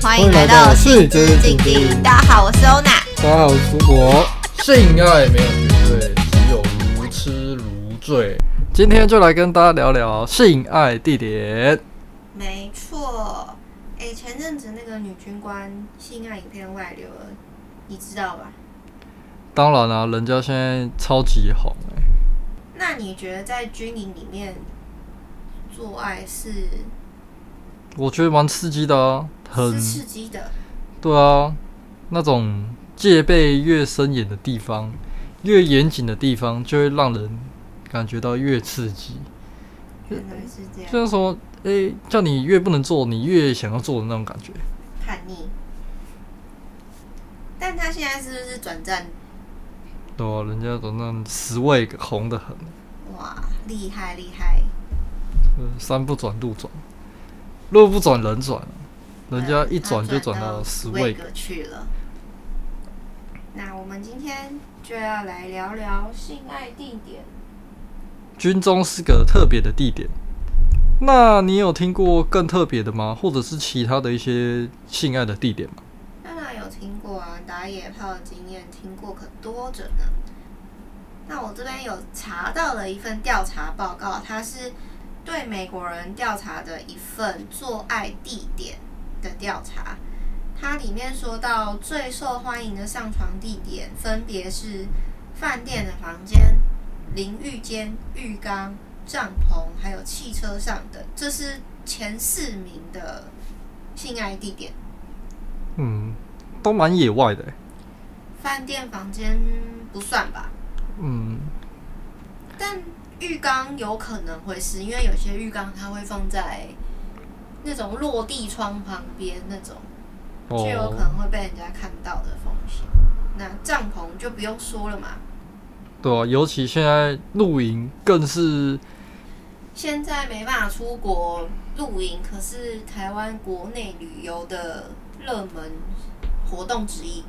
歡迎來到性之禁忌。大家好，我是歐娜。大家好，我是我。性愛沒有絕對，只有如癡如醉。今天就來跟大家聊聊性愛地點。沒錯，哎，前陣子那個女軍官性愛影片外流了，你知道吧？當然啦、啊，人家現在超級紅、欸。那你覺得在軍營裡面做愛是？我覺得蠻刺激的啊，很刺激的。對啊，那種戒備越森嚴的地方，越嚴謹的地方，就會讓人感覺到越刺激。原來是這樣，就是說，誒、欸、叫你越不能做，你越想要做的那種感覺。叛逆。但他現在是不是轉戰？對人家轉到十位紅的很，哇，厲害厲害！山不轉路轉，路不轉人轉，人家一轉就轉到十位、啊、到去了。那我們今天就要來聊聊性愛地點。軍中是個特別的地點，那你有聽過更特別的嗎？或者是其他的一些性愛的地點嗎？打野炮的經驗聽過可多着呢。那我這邊有查到了一份調查報告，它是對美國人調查的一份做愛地點的調查。它裡面說到最受歡迎的上床地點分別是飯店的房間、淋浴間、浴缸、帳篷，還有汽車上的。這是前四名的性愛地點。嗯。都蠻野外的。欸，飯店房間不算吧？嗯，但浴缸有可能會是，因為有些浴缸它會放在那種落地窗旁邊，那種就有可能會被人家看到的風險。哦，那帳篷就不用說了嘛。對啊，尤其現在露營更是。現在沒辦法出國露營，可是台灣國內旅遊的熱門活動之一，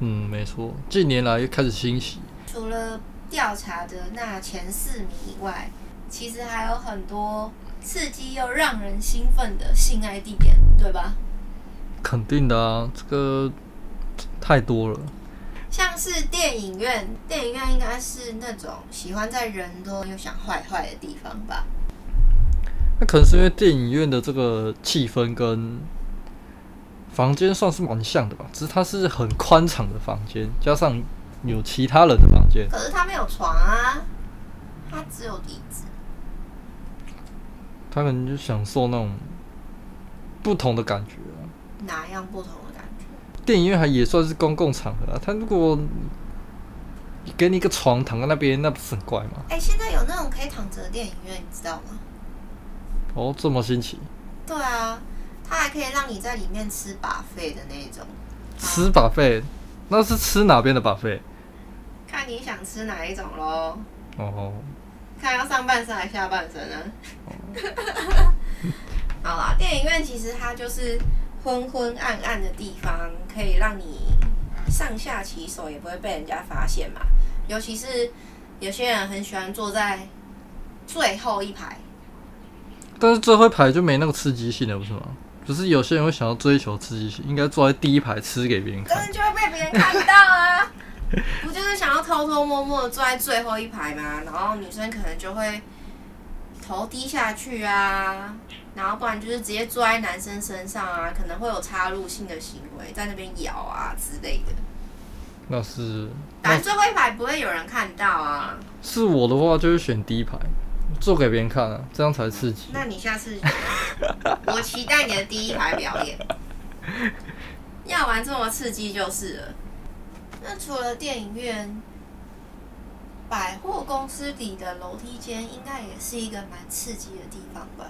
嗯，沒錯，近年來又開始興起。除了調查的那前四名以外，其實還有很多刺激又讓人興奮的性愛地點，對吧？肯定的啊，這個太多了。像是電影院，電影院應該是那種喜歡在人多又想壞壞的地方吧？那可能是因為電影院的這個氣氛跟。房間算是蠻像的吧，只是它是很寬敞的房間，加上有其他人的房間。可是他沒有床啊，它只有椅子。他可能就享受那種不同的感覺啊。哪樣不同的感覺？電影院還也算是公共場合啊，他如果給你一個床躺在那邊，那不是很怪嗎？哎、欸，現在有那種可以躺着的電影院，你知道嗎？哦，這麼新奇。對啊。它還可以讓你在裡面吃 buffet 的那種，吃 buffet，啊，那是吃哪邊的 buffet？看你想吃哪一種嘍。哦，哦，看要上半身還是下半身呢？哦、 好啦，電影院其實它就是昏昏暗暗的地方，可以讓你上下其手也不會被人家發現嘛。尤其是有些人很喜歡坐在最後一排，但是最後一排就沒那個刺激性了，不是嗎？可是有些人會想要追求刺激，應該坐在第一排吃給別人看，可能就會被別人看到啊！ 不就是想要偷偷摸摸的坐在最後一排嗎？然後女生可能就會頭低下去啊，然後不然就是直接坐在男生身上啊，可能會有插入性的行為在那邊咬啊之類的。那是，但最後一排不會有人看到啊。是我的話就是選第一排。做給別人看啊，這樣才刺激。那你下次，我期待你的第一排表演。 要玩這麼刺激就是了。那除了電影院，百貨公司裡的樓梯間應該也是一個蠻刺激的地方吧？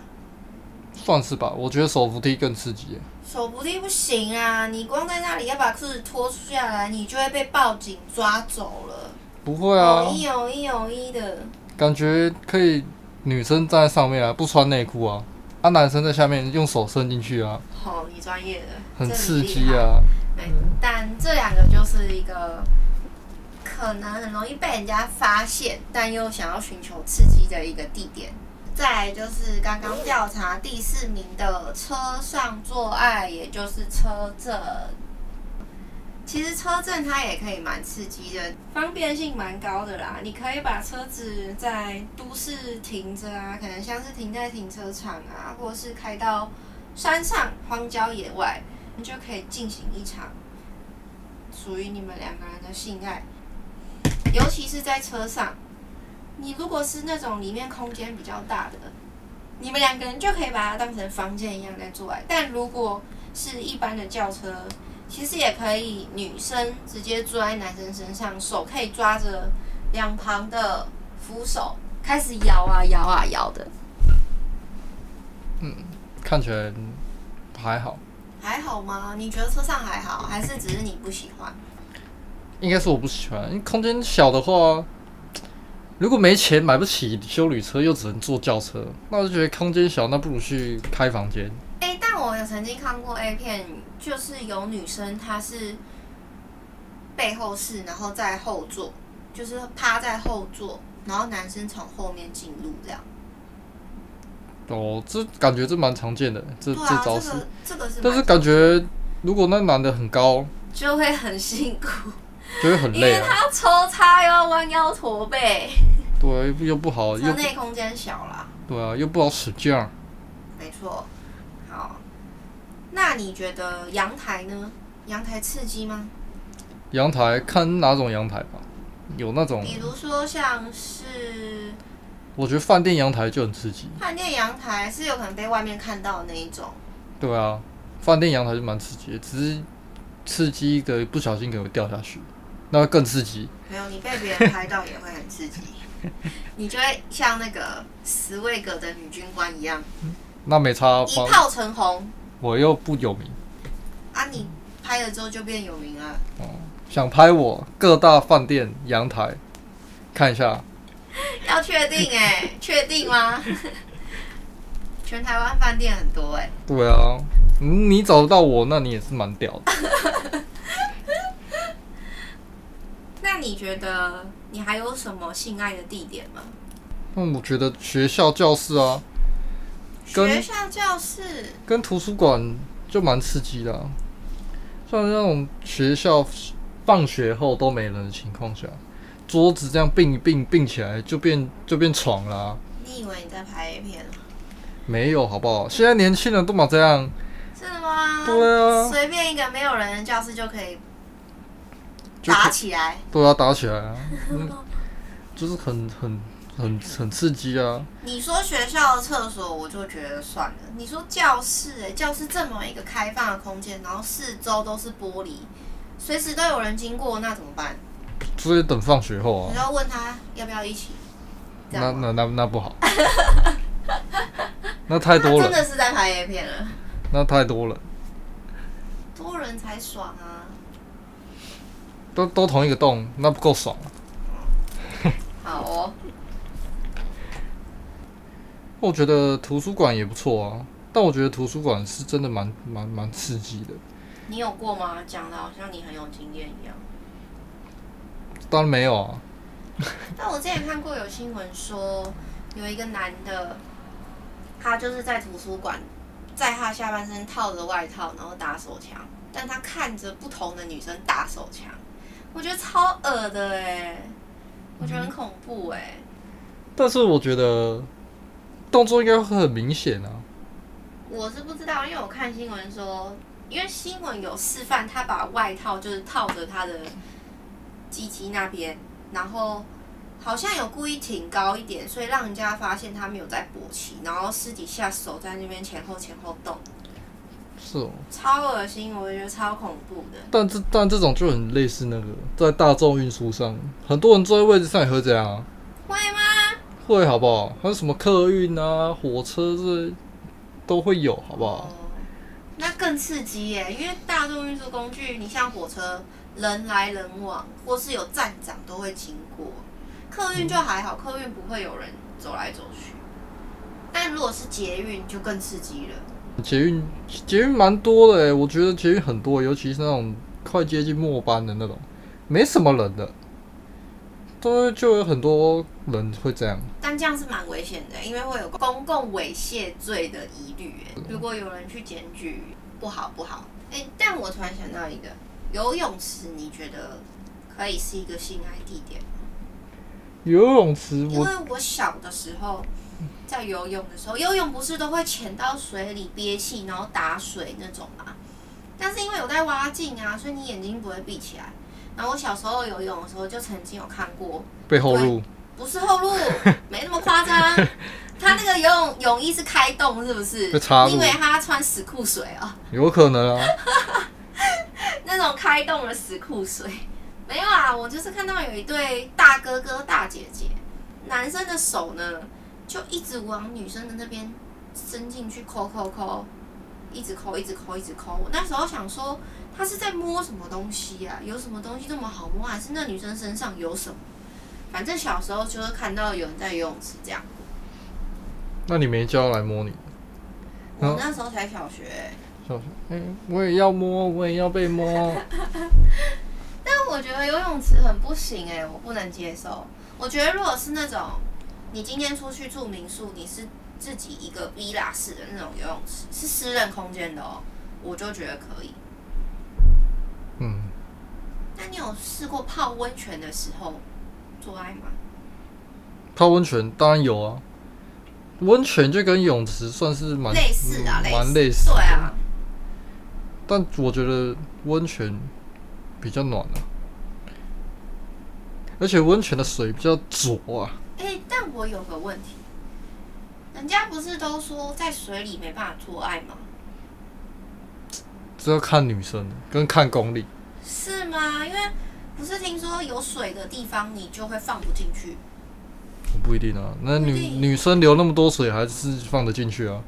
算是吧，我覺得手扶梯更刺激。手扶梯不行啊，你光在那裡要把褲子脫下來，你就會被報警抓走了。不會啊，一、一、有一的。感覺可以。女生站在上面啊，不穿內褲啊，啊男生在下面用手伸進去啊，好，你專業的，很刺激啊。這啊但這兩個就是一個、嗯、可能很容易被人家發現，但又想要尋求刺激的一個地點。再來就是剛剛調查第四名的車上做愛，也就是車震。其實車震它也可以蠻刺激的，方便性蠻高的啦。你可以把車子在都市停着啊，可能像是停在停車場啊，或是開到山上荒郊野外，你就可以進行一場屬於你們兩個人的性愛。尤其是在車上，你如果是那種裡面空間比較大的，你們兩個人就可以把它當成房間一樣在做愛。但如果是一般的轎車，其實也可以，女生直接坐在男生身上，手可以抓着兩旁的扶手，開始搖啊搖啊搖的。嗯，看起來還好。還好嗎？你覺得車上還好，還是只是你不喜歡？應該是我不喜歡，因為空間小的話，如果沒錢買不起休旅車，又只能坐轎車，那我就覺得空間小，那不如去開房間。曾經看過 A 片，就是有女生她是背後式，然後在後座，就是趴在後座，然後男生從後面進入這樣。哦，這感覺這蠻常見的，這、啊、這招式。這個、這個、是。但是感覺如果那男的很高，就會很辛苦， 就會很累、啊，因為他抽插要彎腰駝背，對，又不好，車內空間小啦，對啊，又不好使勁兒，沒錯。那你覺得陽台呢？陽台刺激嗎？陽台看哪種陽台吧，有那種，比如說像是，我覺得飯店陽台就很刺激。飯店陽台是有可能被外面看到的那一種。對啊，飯店陽台就蠻刺激的，只是刺激一個不小心給我掉下去，那更刺激。沒有，你被別人拍到也會很刺激， 你就會像那個十位格的女軍官一樣，那沒差，一炮成紅。我又不有名啊！你拍了之後就變有名了。嗯、想拍我各大飯店陽台，看一下。要確定誒、欸？確 定嗎？ 全台灣飯店很多誒、欸。對啊，嗯、你找得到我，那你也是蠻屌的。 那你覺得你還有什麼性愛的地點嗎？那、嗯、我覺得學校教室啊。學校教室跟圖書館就蠻刺激的、啊，像那種學校放學後都沒人的情況下，桌子這樣並一並並起來就變就變床啦、啊。你以為你在拍 A 片？沒有好不好？現在年輕人都嘛這樣？是嗎？對啊，隨便一個沒有人的教室就可以打起來，對啊、啊、打起來啊！ 嗯、就是很很。很很刺激啊、嗯！你說學校的廁所，我就覺得算了。你說教室、欸，教室這麼一個開放的空間，然後四周都是玻璃，隨時都有人經過，那怎麼辦？所以等放學後啊，你要問他要不要一起？那那那那不好， 那太多了，真的是在拍 A 片了。那太多了，多人才爽啊！都都同一個洞，那不夠爽、啊。 好哦。我覺得圖書館也不錯啊，但我覺得圖書館是真的蠻蠻蠻刺激的。你有過嗎？講的好像你很有經驗一樣。當然沒有啊。但我之前看過有新聞說，有一個男的，他就是在圖書館，在他下半身套着外套，然後打手槍，但他看着不同的女生打手槍，我覺得超惡的哎，我覺得很恐怖哎。嗯。但是我覺得。動作應該會很明顯啊！我是不知道，因為我看新聞說，因為新聞有示範，他把外套就是套着他的雞雞那邊，然後好像有故意挺高一點，所以讓人家發現他沒有在勃起，然後私底下手在那邊前後前後動。是哦、喔，超噁心，我覺得超恐怖的。但這但這種就很類似那個在大眾運輸上，很多人坐在位置上也會這樣啊？會嗎？會好不好？還有什麼客運啊、火車這都會有好不好？嗯、那更刺激耶、欸！因為大眾運輸工具，你像火車，人來人往，或是有站長都會經過。客運就還好，客運不會有人走來走去。但如果是捷運，就更刺激了。捷運捷運蠻多的哎、欸，我覺得捷運很多，尤其是那種快接近末班的那種，沒什麼人的。所以就有很多人會這樣，但這樣是蠻危險的欸，因為會有公共猥褻罪的疑慮欸。如果有人去檢舉，不好不好，欸。但我突然想到一個，游泳池你覺得可以是一個性愛地點嗎？游泳池，因為我小的時候在游泳的時候，游泳不是都會潛到水裡憋氣，然後打水那種嗎？但是因為有戴蛙鏡啊，所以你眼睛不會閉起來。然後我小時候游泳的時候，就曾經有看過被後路。不是後路， 沒那麼誇張。 他那個游泳泳衣是開洞，是不是？因為他穿死褲水啊。有可能啊， 那種開洞的死褲水沒有啊。我就是看到有一對大哥哥大姐姐，男生的手呢，就一直往女生的那邊伸進去摳摳扣，扣，一直摳一直摳一直摳。直扣直扣，我那時候想說。他是在摸什麼東西呀、啊？有什麼東西這麼好摸？還是那女生身上有什麼？反正小時候就會看到有人在游泳池這樣。那你沒叫來摸你？我那時候才小學、欸。小學，哎、欸，我也要摸，我也要被摸。 但我覺得游泳池很不行哎、欸，我不能接受。我覺得如果是那種你今天出去住民宿，你是自己一個 v 拉式的那種游泳池，是私人空間的哦、喔，我就覺得可以。但你有試過泡溫泉的時候做愛嗎？泡溫泉當然有啊，溫泉就跟泳池算是蠻類似啊、蠻類似的，蠻類似。對啊，但我覺得溫泉比較暖啊，而且溫泉的水比較濁啊。欸，但我有個問題，人家不是都說在水裡沒辦法做愛嗎？這要看女生跟看功力。是。啊，因為不是聽說有水的地方你就會放不進去？我不一定啊。那女女生流那麼多水還是放得進去啊？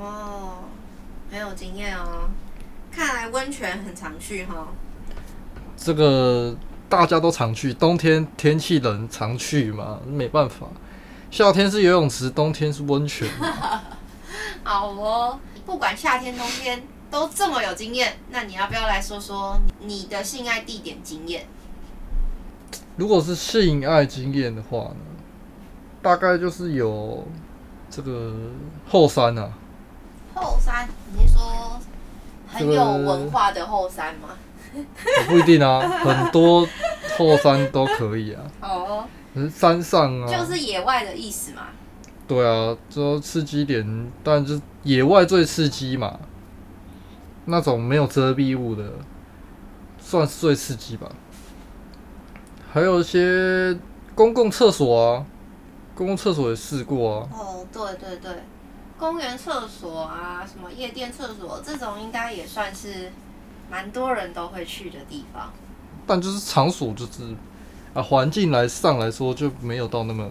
哦，很有經驗哦。看來溫泉很常去哈哦。這個大家都常去，冬天天氣冷常去嘛，沒辦法。夏天是游泳池，冬天是溫泉。 好哦，不管夏天冬天。都這麼有經驗，那你要不要來說說你的性愛地點經驗？如果是性愛經驗的話呢，大概就是有這個後山啊。後山，你說很有文化的後山嗎？這個、也不一定啊， 很多後山都可以啊。哦，可是山上啊，就是野外的意思嘛。對啊，就刺激點，但就野外最刺激嘛。那種沒有遮蔽物的，算是最刺激吧。還有一些公共廁所啊，公共廁所也試過啊。哦，對對對，公園廁所啊，什麼夜店廁所，這種應該也算是蠻多人都會去的地方。但就是場所就是啊，環境來上來說就沒有到那麼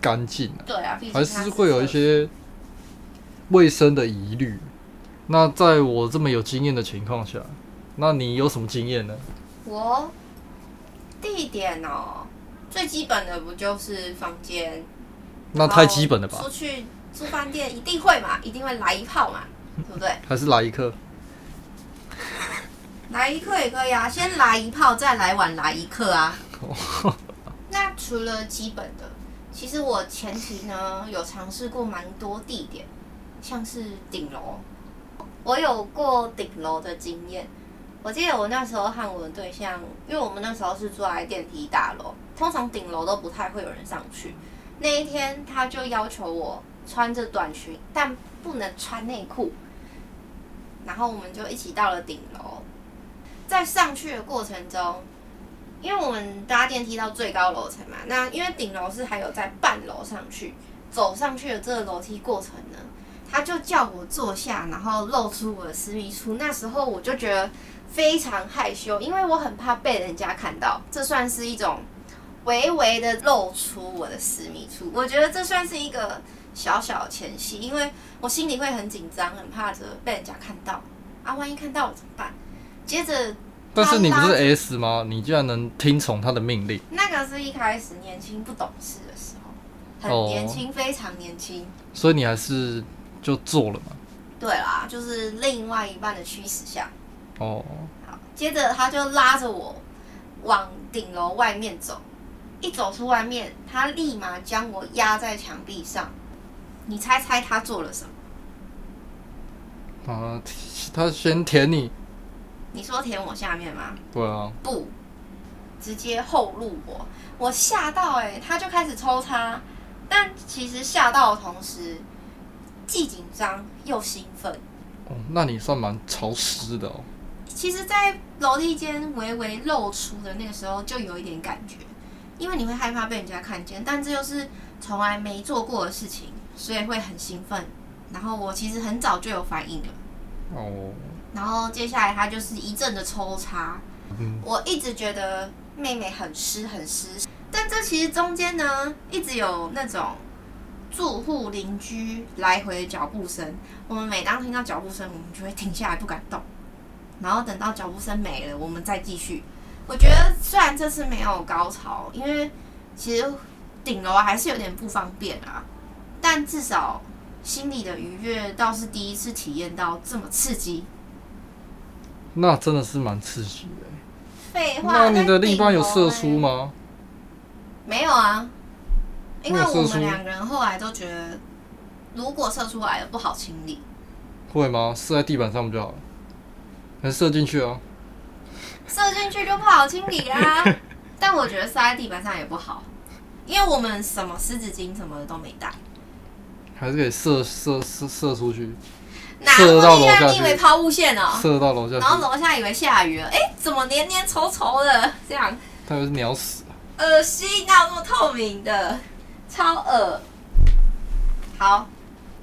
乾淨。對啊，還是會有一些衛生的疑慮。那在我這麼有經驗的情況下，那你有什麼經驗呢？我地點哦、喔，最基本的不就是房間？那太基本了吧？出去住飯店一定會嘛，一定會來一炮嘛， 對不對？還是來一客？來一客也可以啊，先來一炮，再來晚來一客啊。 那除了基本的，其實我前期呢有嘗試過蠻多地點，像是頂樓。我有過頂樓的經驗，我記得我那時候和我的對象，因為我們那時候是住在電梯大樓，通常頂樓都不太會有人上去。那一天，他就要求我穿着短裙，但不能穿內褲，然後我們就一起到了頂樓。在上去的過程中，因為我們搭電梯到最高樓層嘛，那因為頂樓是還有在半樓上去，走上去的這個樓梯過程呢，他就叫我坐下，然後露出我的私密處。那時候我就覺得非常害羞，因為我很怕被人家看到。這算是一種微微的露出我的私密處，我覺得這算是一個小小的前戲，因為我心裡會很緊張，很怕着被人家看到啊。萬一看到我怎麼辦？接着，但是你不是 S 嗎？你居然能聽從他的命令。那個是一開始年輕不懂事的時候，很年輕、哦，非常年輕。所以你還是。就做了嘛？對啦，就是另外一半的驅使下。哦、oh.，好。接着他就拉着我往頂樓外面走，一走出外面，他立馬將我壓在牆壁上。你猜猜他做了什麼？Uh, 他先舔你？你說舔我下面嗎？對啊。不，直接後入。我，我嚇到哎、欸，他就開始抽插，但其實嚇到的同時。既緊張又興奮，哦，那你算蠻潮濕的哦。其實，在樓梯間微微露出的那個時候，就有一點感覺，因為你會害怕被人家看見，但這又是從來沒做過的事情，所以會很興奮。然後我其實很早就有反應了，哦，然後接下來他就是一陣的抽插。嗯，我一直覺得妹妹很濕很濕，但這其實中間呢，一直有那種。住戶鄰居來回的腳步聲，我們每當聽到腳步聲，我們就會停下來不敢動，然後等到腳步聲沒了，我們再繼續。我覺得雖然這次沒有高潮，因為其實頂樓還是有點不方便啊，但至少心裡的愉悅倒是第一次體驗到這麼刺激。那真的是蠻刺激的，欸。廢話，在頂樓欸，那你的另一半有射出嗎？沒有啊。因為我們兩個人後來都覺得，如果射出來了不好清理。會嗎？射在地板上不就好了？還射進去哦、啊？射進去就不好清理啦、啊。 但我覺得射在地板上也不好，因為我們什麼濕紙巾什麼的都沒帶。還是可以射射射射出去。射到樓下，以為拋物線哦。射到樓下,到樓下,到樓下，然後樓下以為下雨了。哎、欸，怎麼黏黏稠稠的？這樣。他以為是鳥屎啊。噁心！那麼透明的？超噁，好，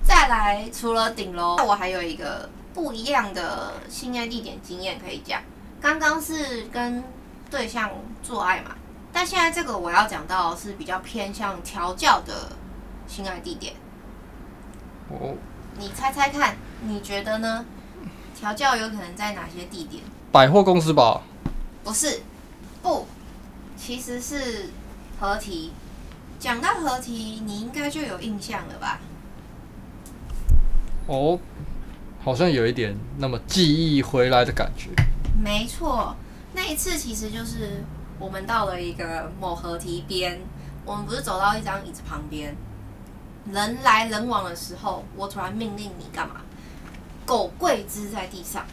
再來。除了頂樓，我還有一個不一樣的性愛地點經驗可以講。剛剛是跟對象做愛嘛，但現在這個我要講到是比較偏向調教的性愛地點。哦，Oh，你猜猜看，你覺得呢？調教有可能在哪些地點？百貨公司吧？不是，不，其實是合體。講到河堤，你應該就有印象了吧？哦，好像有一點那麼記憶回來的感覺。沒錯，那一次其實就是我們到了一個某河堤邊，我們不是走到一張椅子旁邊，人來人往的時候，我突然命令你幹嘛？狗跪姿在地上，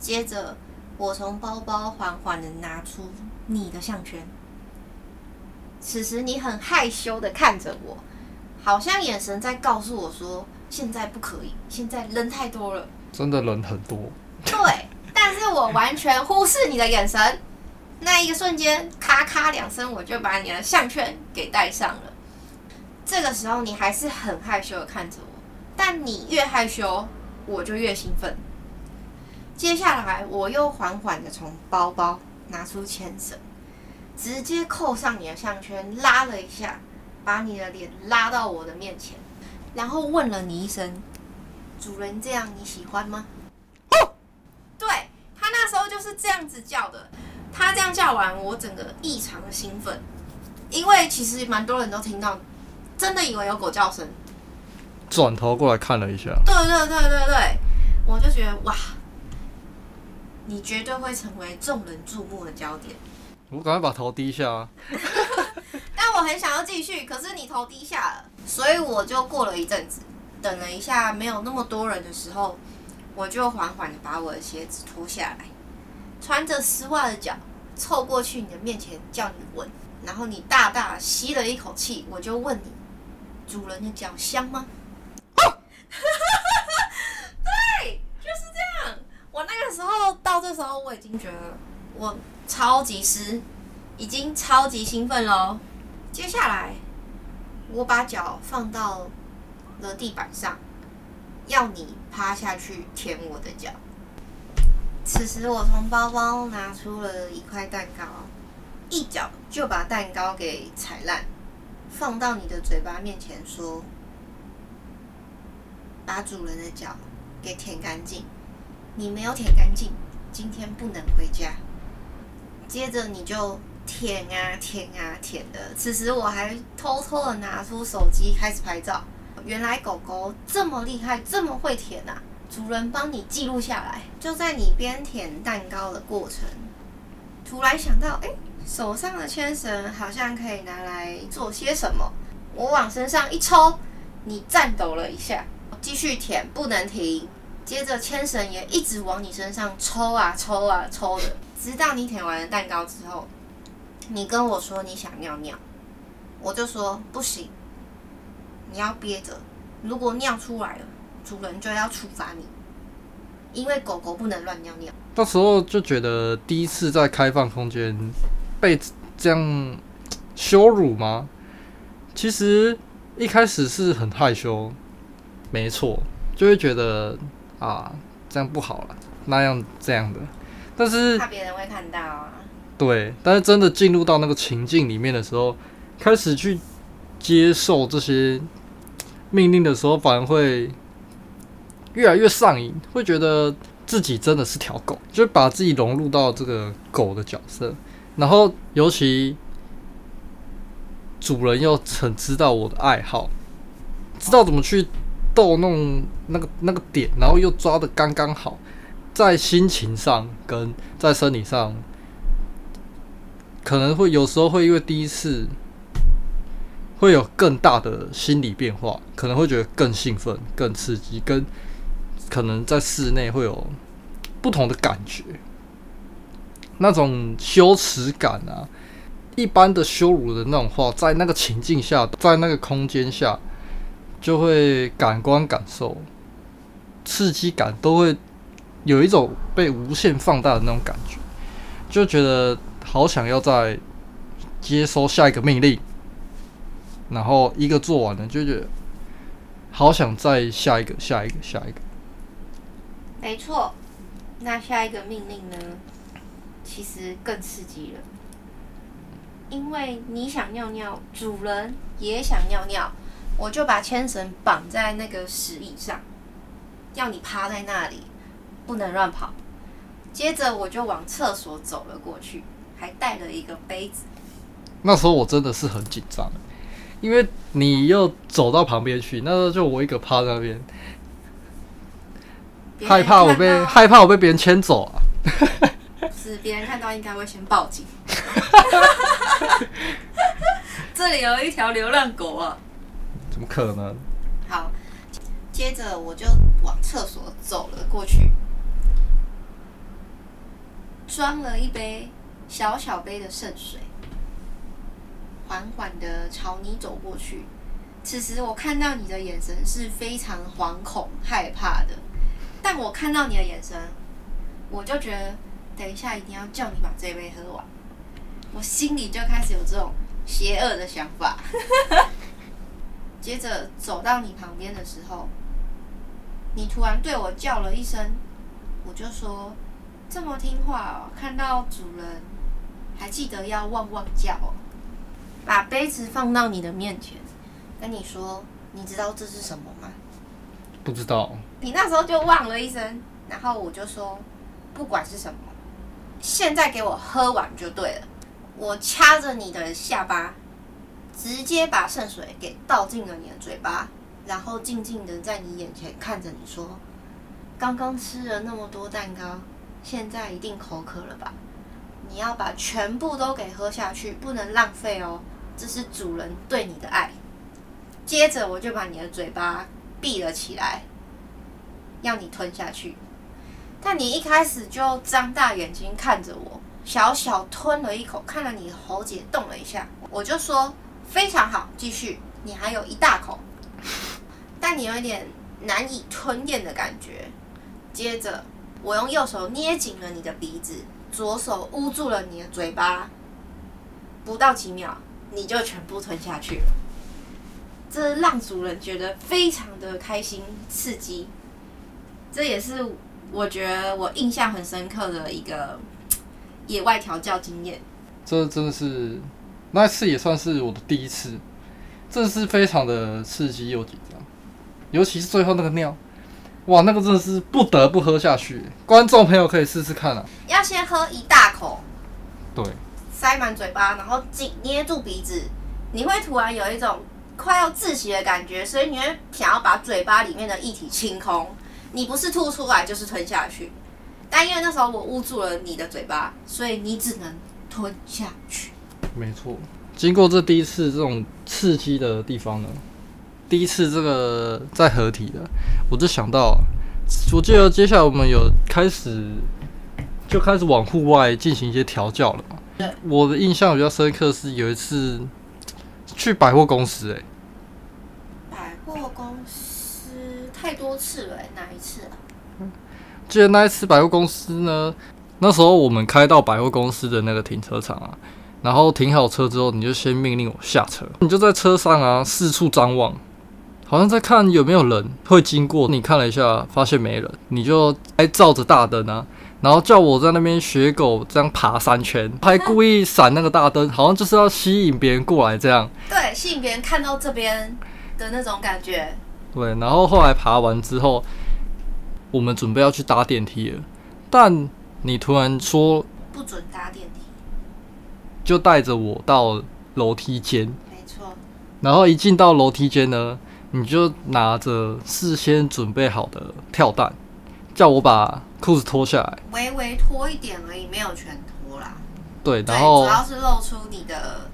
接着我從包包緩緩的拿出你的項圈。此時你很害羞的看着我，好像眼神在告訴我說：“現在不可以，現在人太多了。”真的人很多。對，但是我完全忽視你的眼神。 那一個瞬間，咔咔兩聲，我就把你的項圈給戴上了。這個時候你還是很害羞的看着我，但你越害羞，我就越興奮。接下來，我又緩緩的從包包拿出牽繩。直接扣上你的項圈，拉了一下，把你的臉拉到我的面前，然後問了你一聲：“主人，這樣你喜歡嗎？”哦，對，他那時候就是這樣子叫的。他這樣叫完，我整個異常的興奮，因為其實蠻多人都聽到，真的以為有狗叫聲。轉頭過來看了一下。對對對對對，我就覺得哇，你絕對會成為眾人注目的焦點。我趕快把頭低下啊， 但我很想要繼續，可是你頭低下了，所以我就過了一陣子，等了一下沒有那麼多人的時候，我就緩緩的把我的鞋子脫下來，穿着絲襪的腳湊過去你的面前叫你聞，然後你大大吸了一口氣，我就問你，主人的腳香嗎？哦！ 對，就是這樣，我那個時候到這時候我已經覺得我。超級濕，已經超級興奮咯。接下來，我把腳放到了地板上，要你趴下去舔我的腳。此時，我從包包拿出了一塊蛋糕，一腳就把蛋糕給踩爛，放到你的嘴巴面前，說：“把主人的腳給舔乾淨。”你沒有舔乾淨，今天不能回家。接着你就舔啊舔啊舔的，此時我還偷偷的拿出手機開始拍照。原來狗狗這麼厲害，這麼會舔啊！主人幫你記錄下來，就在你邊舔蛋糕的過程，突然想到，哎、欸，手上的牽繩好像可以拿來做些什麼。我往身上一抽，你顫抖了一下，繼續舔，不能停。接着牽繩也一直往你身上抽啊抽啊抽的。直到你舔完了蛋糕之後，你跟我說你想尿尿，我就說不行，你要憋着。如果尿出來了，主人就要處罰你，因為狗狗不能亂尿尿。到時候就覺得第一次在開放空間被這樣羞辱嗎？其實一開始是很害羞，沒錯，就會覺得啊，這樣不好啦，那樣這樣的。但是怕別人會看到啊。對，但是真的進入到那個情境裡面的時候，開始去接受這些命令的時候，反而會越來越上癮，會覺得自己真的是條狗，就把自己融入到這個狗的角色。然後，尤其主人又很知道我的愛好，知道怎麼去逗弄那、那個那個點，然後又抓的剛剛好。在心情上，跟在生理上，可能會有時候會因為第一次，會有更大的心理變化，可能會覺得更興奮、更刺激，跟可能在室內會有不同的感覺，那種羞恥感啊，一般的羞辱的那種話，在那個情境下，在那個空間下，就會感官感受刺激感都會。有一種被無限放大的那種感覺，就覺得好想要再接收下一個命令，然後一個做完了就覺得好想再下一個、下一個、下一個。沒錯，那下一個命令呢？其實更刺激了，因為你想尿尿，主人也想尿尿，我就把牽繩綁在那個石椅上，要你趴在那裡。不能亂跑。接着我就往廁所走了過去，還帶了一個杯子。那時候我真的是很緊張、欸，因為你又走到旁邊去，那時候就我一個趴在那邊，害怕我被害怕我被別人牽走、啊。是別人看到應該會先報警。 這裡有一條流浪狗啊！怎麼可能？好，接着我就往廁所走了過去。裝了一杯小小杯的聖水，緩緩的朝你走過去。此時我看到你的眼神是非常惶恐害怕的，但我看到你的眼神，我就覺得等一下一定要叫你把這杯喝完，我心裡就開始有這種邪惡的想法。 接着走到你旁邊的時候，你突然對我叫了一聲，我就說。這麼聽話哦，看到主人還記得要汪汪叫哦。把杯子放到你的面前，跟你說，你知道這是什麼嗎？不知道。你那時候就汪了一聲，然後我就說，不管是什麼，現在給我喝完就對了。我掐着你的下巴，直接把聖水給倒進了你的嘴巴，然後靜靜的在你眼前看着你說，剛剛吃了那麼多蛋糕。現在一定口渴了吧？你要把全部都給喝下去，不能浪費哦。這是主人對你的愛。接着我就把你的嘴巴閉了起來，要你吞下去。但你一開始就張大眼睛看着我，小小吞了一口，看到你的喉結動了一下，我就說非常好，繼續。你還有一大口，但你有一點難以吞嚥的感覺。接着。我用右手捏緊了你的鼻子，左手捂住了你的嘴巴，不到幾秒，你就全部吞下去了。這讓主人覺得非常的開心刺激，這也是我覺得我印象很深刻的一個野外調教經驗。這真的是那次也算是我的第一次，這是非常的刺激又緊張，尤其是最後那個尿。哇，那個真的是不得不喝下去。觀眾朋友可以試試看啊！要先喝一大口，對，塞滿嘴巴，然後緊捏住鼻子，你會突然有一種快要窒息的感覺，所以你會想要把嘴巴裡面的液體清空，你不是吐出來就是吞下去。但因為那時候我捂住了你的嘴巴，所以你只能吞下去。沒錯，經過這第一次這種刺激的地方呢？第一次這個在合體的，我就想到啊，我記得接下來我們有開始就開始往戶外進行一些調教了嘛。我的印象比較深刻是有一次去百貨公司，欸，哎，百貨公司太多次了，欸，哪一次啊？記得那一次百貨公司呢，那時候我們開到百貨公司的那個停車場啊，然後停好車之後，你就先命令我下車，你就在車上啊四處張望。好像在看有沒有人會經過。你看了一下，發現沒人，你就還照着大燈啊，然後叫我在那邊學狗這樣爬三圈，還故意閃那個大燈，好像就是要吸引別人過來這樣。對，吸引別人看到這邊的那種感覺。對，然後後來爬完之後，我們準備要去搭電梯了，但你突然說不准搭電梯，就帶着我到樓梯間，沒錯。然後一進到樓梯間呢，你就拿着事先準備好的跳蛋，叫我把褲子脫下來，微微脫一點而已，沒有全脫啦。對，然後主要是露出你的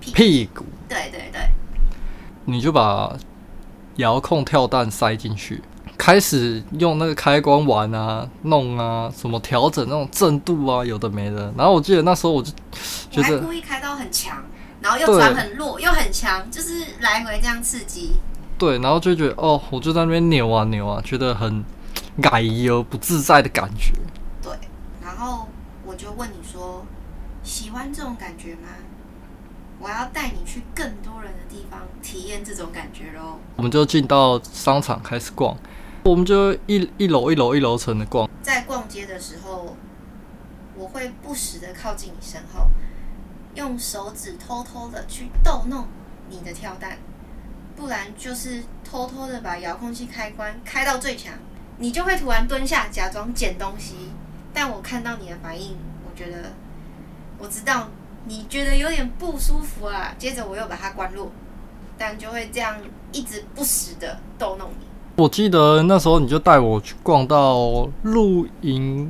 屁股。屁股對對對，你就把遙控跳蛋塞進去，開始用那個開關玩啊、弄啊，什麼調整那種震度啊，有的沒的。然後我記得那時候我就覺得還故意開到很強。然後又長很弱又很強，就是來回這樣刺激。對，然後就覺得哦，我就在那邊扭啊扭啊，覺得很怪異又不自在的感覺。對，然後我就問你說，喜歡這種感覺嗎？我要帶你去更多人的地方體驗這種感覺咯。我們就進到商場開始逛，我們就一一樓一樓一樓層的逛。在逛街的時候，我會不時的靠近你身後。用手指偷偷的去逗弄你的跳蛋，不然就是偷偷的把遙控器開關開到最強，你就會突然蹲下假裝撿東西。但我看到你的反應，我覺得我知道你覺得有點不舒服啊。接着我又把它關了，但就會這樣一直不時的逗弄你。我記得那時候你就帶我去逛到露營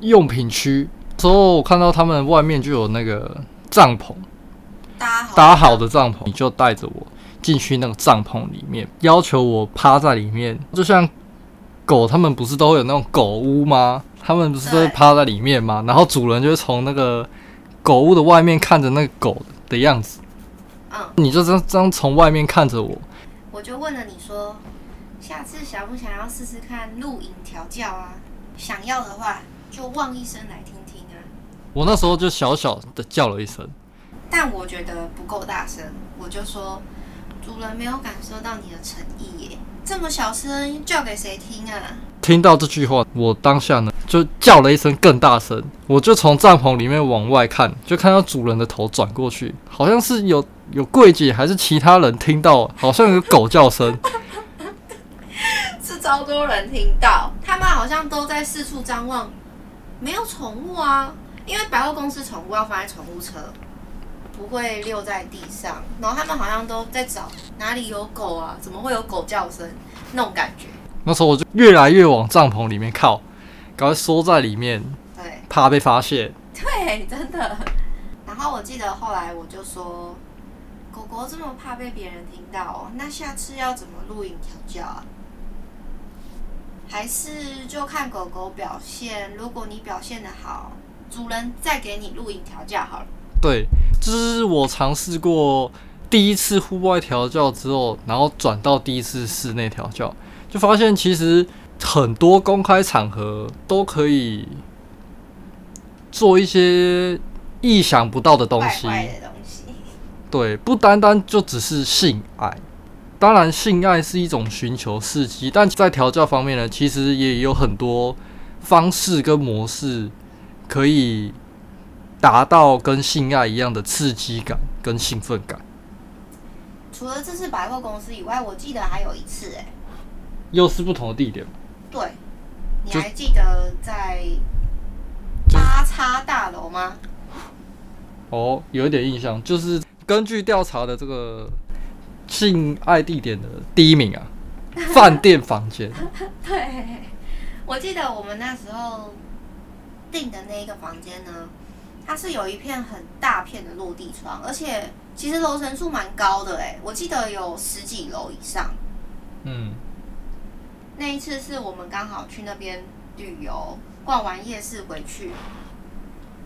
用品區。時候我看到他們外面就有那個帳篷，搭好的帳篷，你就帶着我進去那個帳篷裡面，要求我趴在裡面，就像狗，他們不是都會有那種狗屋嗎？他們不是都會趴在裡面嗎？然後主人就從那個狗屋的外面看着那個狗的樣子，嗯，你就這樣從外面看着我。我就問了你說，下次想不想要試試看露營調教啊？想要的話就汪一聲來聽。我那時候就小小的叫了一聲，但我覺得不夠大聲，我就說：“主人沒有感受到你的誠意耶，這麼小聲叫給誰聽啊？”聽到這句話，我當下呢就叫了一聲更大聲，我就從帳篷裡面往外看，就看到主人的頭轉過去，好像是有有櫃姐還是其他人聽到，好像有狗叫聲， 是超多人聽到，他們好像都在四處張望，沒有寵物啊。因為百貨公司寵物要放在寵物車，不會溜在地上。然後他們好像都在找哪裡有狗啊？怎麼會有狗叫聲？那種感覺。那時候我就越來越往帳篷裡面靠，趕快縮在裡面，對，怕被發現。對，真的。然後我記得後來我就說，狗狗這麼怕被別人聽到喔，那下次要怎麼錄影調教啊？還是就看狗狗表現。如果你表現得好。主人再給你錄影調教好了。對，這是我嘗試過第一次戶外調教之後，然後轉到第一次室內調教，就發現其實很多公開場合都可以做一些意想不到的東西。壞壞的東西。對，不單單就只是性愛，當然性愛是一種尋求刺激，但在調教方面呢，其實也有很多方式跟模式。可以達到跟性愛一樣的刺激感跟興奮感。除了這次百貨公司以外，我記得還有一次、欸，又是不同的地點。對，你還記得在八叉大樓嗎？哦，有一點印象，就是根據調查的這個性愛地點的第一名啊，飯店房間。 對，我記得我們那時候。訂的那一個房間呢，它是有一片很大片的落地窗，而且其實樓層數蠻高的欸，我記得有十幾樓以上。嗯，那一次是我們剛好去那邊旅遊，逛完夜市回去，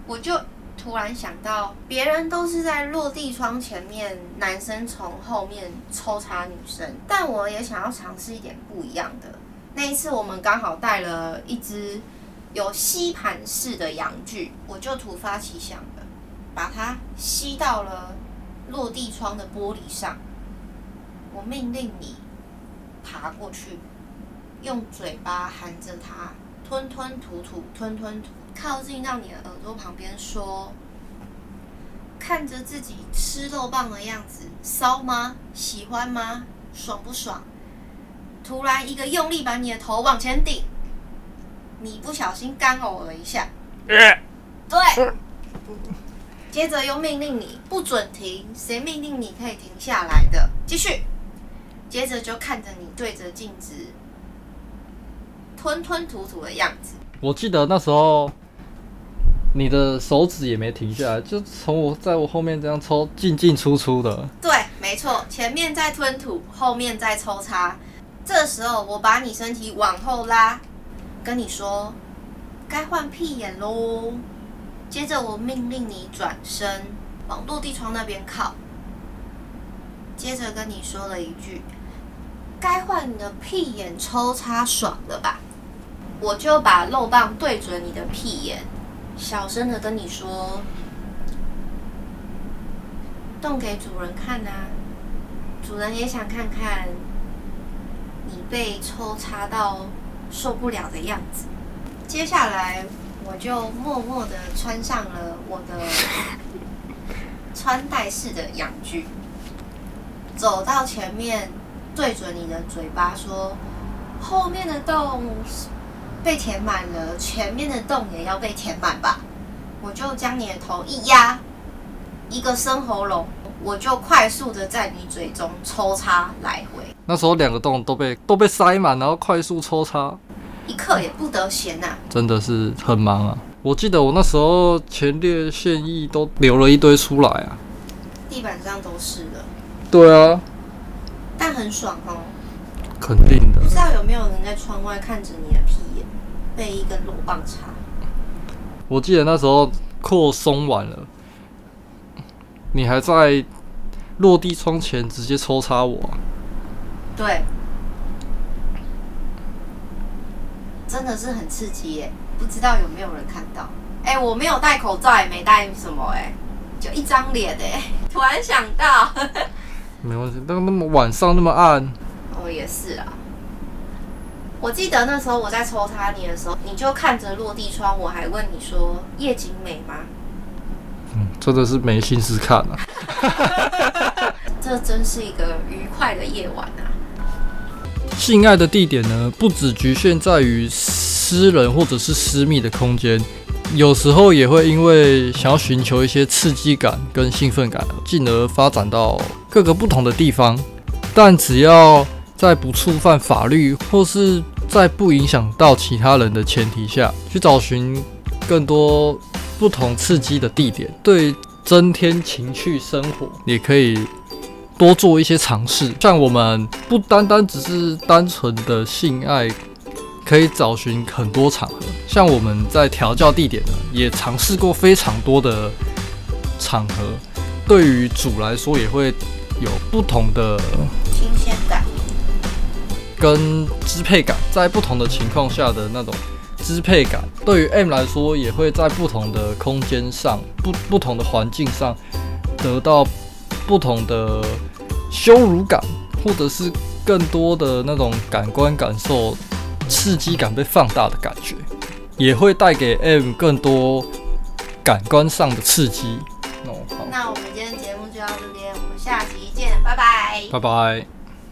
我就突然想到，別人都是在落地窗前面，男生從後面抽插女生，但我也想要嘗試一點不一樣的。那一次我們剛好帶了一隻。有吸盤式的陽具，我就突發奇想的把它吸到了落地窗的玻璃上。我命令你爬過去，用嘴巴含着它，吞吞吐吐，吞吞吐，吐，靠近到你的耳朵旁邊說：“看着自己吃肉棒的樣子，騷嗎？喜歡嗎？爽不爽？”突然一個用力把你的頭往前頂。你不小心乾嘔了一下，對，接着又命令你不准停，誰命令你可以停下來的？繼續，接着就看着你對着鏡子吞吞吐吐，吐的樣子。我記得那時候你的手指也沒停下來，就從我在我後面這樣抽進進出出的。對，沒錯，前面在吞吐，後面在抽插。這時候我把你身體往後拉。跟你說，該換屁眼咯。接着我命令你轉身往落地窗那邊靠。接着跟你說了一句，該換你的屁眼抽插爽了吧？我就把肉棒對準你的屁眼，小聲的跟你說，動給主人看啊！主人也想看看你被抽插到。受不了的樣子。接下來，我就默默的穿上了我的穿戴式的陽具，走到前面，對準你的嘴巴說：“後面的洞被填滿了，前面的洞也要被填滿吧。”我就將你的頭一壓，一個深喉嚨，我就快速的在你嘴中抽插來回。那時候兩個洞都被都被塞滿，然後快速抽插，一刻也不得閒啊，真的是很忙啊！我記得我那時候前列腺液都流了一堆出來啊，地板上都是的。對啊，但很爽哦。肯定的。不知道有沒有人在窗外看着你的屁眼被一根裸棒插？我記得那時候擴鬆完了，你還在落地窗前直接抽插我啊。對，真的是很刺激耶，欸！不知道有沒有人看到？哎，我沒有戴口罩，也沒戴什麼，哎，就一張臉哎！突然想到，沒關係，但那麼晚上那麼暗，哦也是啊。我記得那時候我在抽查你的時候，你就看着落地窗，我還問你說夜景美嗎？嗯，真的是沒心思看啊 。這真是一個愉快的夜晚啊！性愛的地點呢，不只局限在於私人或者是私密的空間，有時候也會因為想要尋求一些刺激感跟興奮感，進而發展到各個不同的地方。但只要在不觸犯法律或是在不影響到其他人的前提下去找尋更多不同刺激的地點，對增添情趣生活也可以。多做一些嘗試，像我們不單單只是單純的性愛，可以找尋很多場合。像我們在調教地點呢，也嘗試過非常多的場合。對於主來說，也會有不同的新鮮感跟支配感，在不同的情況下的那種支配感，對於 M 來說，也會在不同的空間上、不不同的環境上得到不同的。羞辱感，或者是更多的那種感官感受、刺激感被放大的感覺，也會帶給 M 更多感官上的刺激。哦，那我們今天節目就到這邊，我們下期見，拜拜，拜拜。